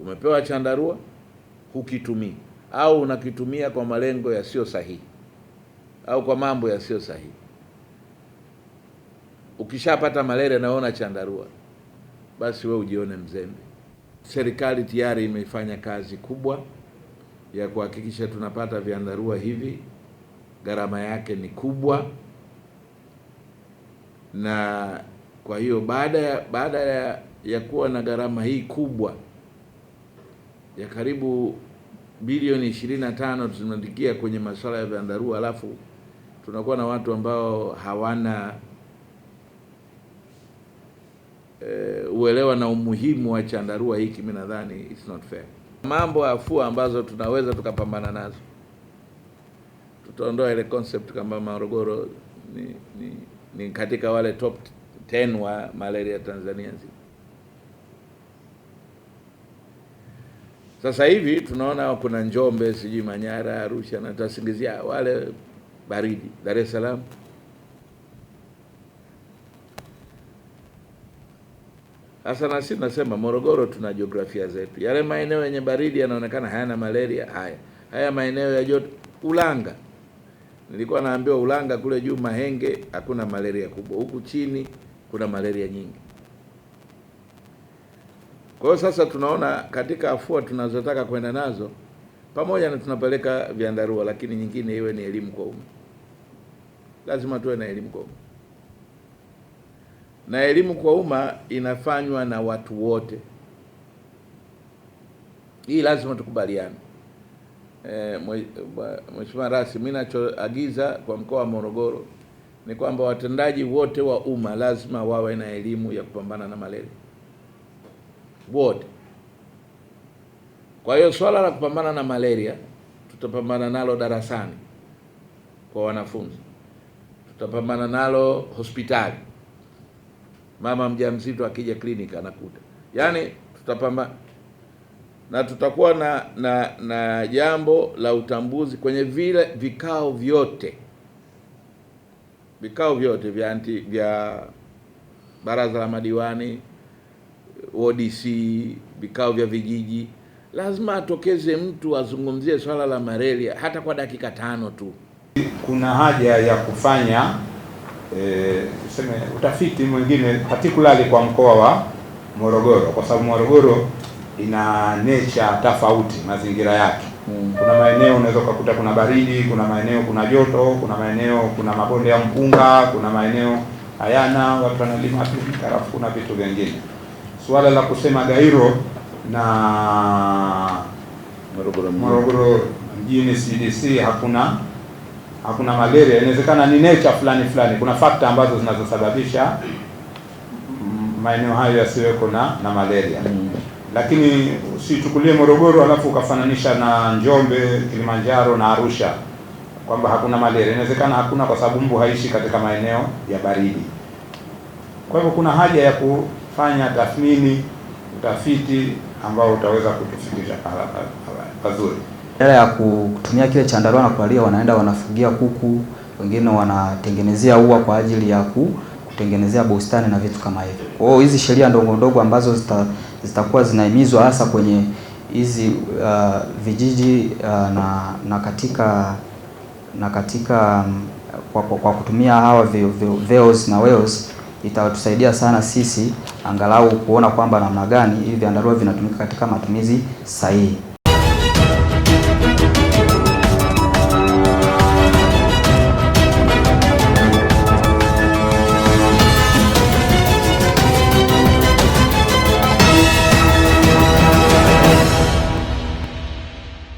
Umepewa chandarua hukitumii, au unakitumia kwa malengo yasiyo sahihi, au kwa mambo yasiyo sahihi. Ukishapata malaria na chandarua, basi we ujione mzembe. Serikali tayari imefanya kazi kubwa ya kuhakikisha tunapata vyandarua hivi. Gharama yake ni kubwa, na kwa hiyo baada ya baada ya, ya kuwa na gharama hii kubwa ya karibu bilioni tano tunaandikia kwenye masuala ya vyandarua, alafu tunakuwa na watu ambao hawana e, uelewa na umuhimu wa chandarua hiki. Mimi nadhani it's not fair. Mambo ya afua ambazo tunaweza tukapambana nazo, tutaondoa ile concept kwamba Morogoro ni, ni, ni katika wale top 10 wa malaria Tanzania nzima. Sasa hivi tunaona kuna Njombe, sijui Manyara, Arusha na tutasingizia wale baridi, Dar es Salaam. Sasa nasi nasema Morogoro tuna jiografia zetu, yale maeneo yenye baridi yanaonekana hayana malaria. Haya haya maeneo ya joto, Ulanga nilikuwa naambiwa Ulanga kule juu Mahenge hakuna malaria kubwa, huku chini kuna malaria nyingi. Kwa hiyo sasa tunaona katika afua tunazotaka kwenda nazo pamoja na tunapeleka vyandarua, lakini nyingine iwe ni elimu kwa umma. Lazima tuwe na elimu kwa umma, na elimu kwa umma inafanywa na watu wote. Hii lazima tukubaliane. E, Mheshimiwa Rais, mimi nachoagiza kwa mkoa wa Morogoro ni kwamba watendaji wote wa umma lazima wawe na elimu ya kupambana na malaria wote. Kwa hiyo swala la kupambana na malaria tutapambana nalo darasani kwa wanafunzi, tutapambana nalo hospitali, mama mjamzito akija kliniki anakuta, yaani tutapambana na tutakuwa na, na na jambo la utambuzi kwenye vile vikao vyote vikao vyote vya anti vya baraza la madiwani ODC, vikao vya vijiji, lazima atokeze mtu azungumzie swala la malaria hata kwa dakika tano tu. Kuna haja ya kufanya e, useme utafiti mwingine particularly kwa mkoa wa Morogoro kwa sababu Morogoro ina nature tofauti, mazingira yake hmm. Kuna maeneo unaweza ukakuta kuna baridi, kuna maeneo kuna joto, kuna maeneo kuna mabonde ya mpunga, kuna maeneo hayana watu wanalima karafuu na vitu vingine suala la kusema Gairo na Morogoro mjini CDC hakuna hakuna malaria, inawezekana ni nature fulani fulani, kuna fakta ambazo zinazosababisha maeneo hayo yasiweko na na malaria mm. Lakini usichukulie Morogoro alafu ukafananisha na Njombe, Kilimanjaro na Arusha kwamba hakuna malaria. Inawezekana hakuna kwa sababu mbu haishi katika maeneo ya baridi. Kwa hivyo kuna haja ya ku fanya tathmini, utafiti ambao utaweza kutufikisha pazuri, badala ya kutumia kile chandarua na kualia. Wanaenda wanafugia kuku, wengine wanatengenezea ua kwa ajili ya kutengenezea bustani na vitu kama hivyo. Kwa hiyo hizi sheria ndogo ndogo ambazo zitakuwa zita zinahimizwa hasa kwenye hizi uh, vijiji uh, na, na katika na katika um, kwa, kwa, kwa kutumia hawa VEOs na WEOs itatusaidia sana sisi angalau kuona kwamba namna gani hivi vyandarua vinatumika katika matumizi sahihi.